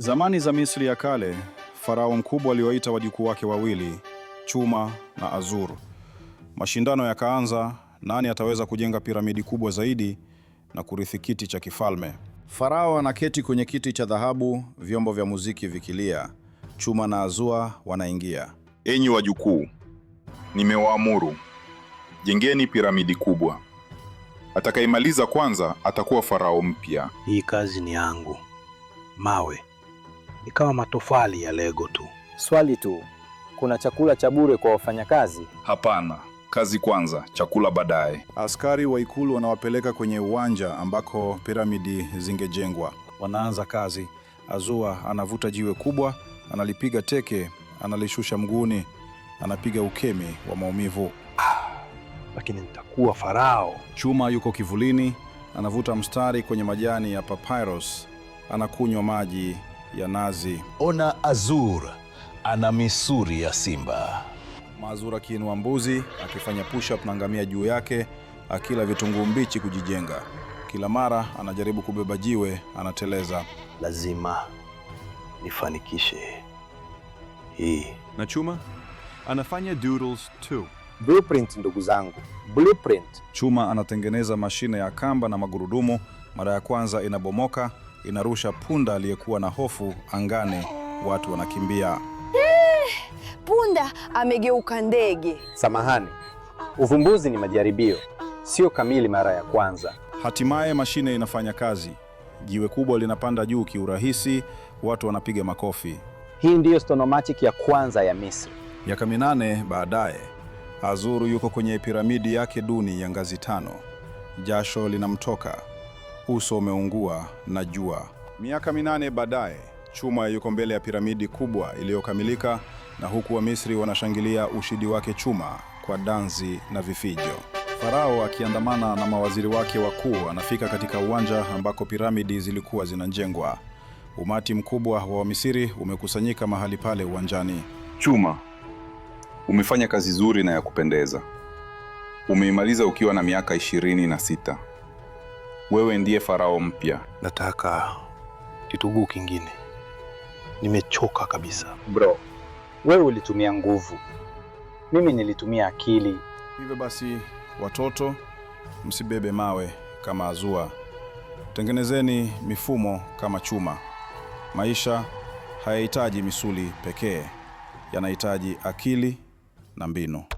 Zamani za Misri ya kale, farao mkubwa aliwaita wajukuu wake wawili, Chuma na Azur. Mashindano yakaanza, nani ataweza kujenga piramidi kubwa zaidi na kurithi kiti cha kifalme. Farao anaketi kwenye kiti cha dhahabu, vyombo vya muziki vikilia. Chuma na Azua wanaingia. Enyi wajukuu, nimewaamuru jengeni piramidi kubwa. Atakayemaliza kwanza atakuwa farao mpya. Hii kazi ni yangu. Mawe, ikawa matofali ya lego tu. Swali tu, kuna chakula cha bure kwa wafanyakazi? Hapana, kazi kwanza, chakula baadaye. Askari wa ikulu wanawapeleka kwenye uwanja ambako piramidi zingejengwa. Wanaanza kazi. Azua anavuta jiwe kubwa, analipiga teke, analishusha mguuni, anapiga ukemi wa maumivu. Ah, lakini nitakuwa farao. Chuma yuko kivulini, anavuta mstari kwenye majani ya papyrus, anakunywa maji ya nazi. Ona Azur ana misuri ya simba. Mazur akiinua mbuzi akifanya push up na ngamia juu yake, akila vitunguu mbichi kujijenga. Kila mara anajaribu kubeba jiwe, anateleza. Lazima nifanikishe hii. Na Chuma anafanya doodles too. Blueprint, ndugu zangu, blueprint. Chuma anatengeneza mashine ya kamba na magurudumu. Mara ya kwanza inabomoka inarusha punda aliyekuwa na hofu angane, watu wanakimbia. Eh, punda amegeuka ndege. Samahani, uvumbuzi ni majaribio, sio kamili mara ya kwanza. Hatimaye mashine inafanya kazi, jiwe kubwa linapanda juu kiurahisi, watu wanapiga makofi. Hii ndiyo stonomatic ya kwanza ya Misri. Miaka minane baadaye, Azuru yuko kwenye piramidi yake duni ya ngazi tano, jasho linamtoka uso umeungua na jua. Miaka minane baadaye, Chuma yuko mbele ya piramidi kubwa iliyokamilika, na huku Wamisri wanashangilia ushindi wake Chuma kwa danzi na vifijo. Farao akiandamana na mawaziri wake wakuu anafika katika uwanja ambako piramidi zilikuwa zinajengwa. Umati mkubwa wa Wamisri umekusanyika mahali pale uwanjani. Chuma, umefanya kazi nzuri na ya kupendeza. Umeimaliza ukiwa na miaka ishirini na sita wewe ndiye Farao mpya. Nataka kituguu kingine, nimechoka kabisa. Bro, wewe ulitumia nguvu, mimi nilitumia akili. Hivyo basi, watoto, msibebe mawe kama azua, tengenezeni mifumo kama chuma. Maisha hayahitaji misuli pekee, yanahitaji akili na mbinu.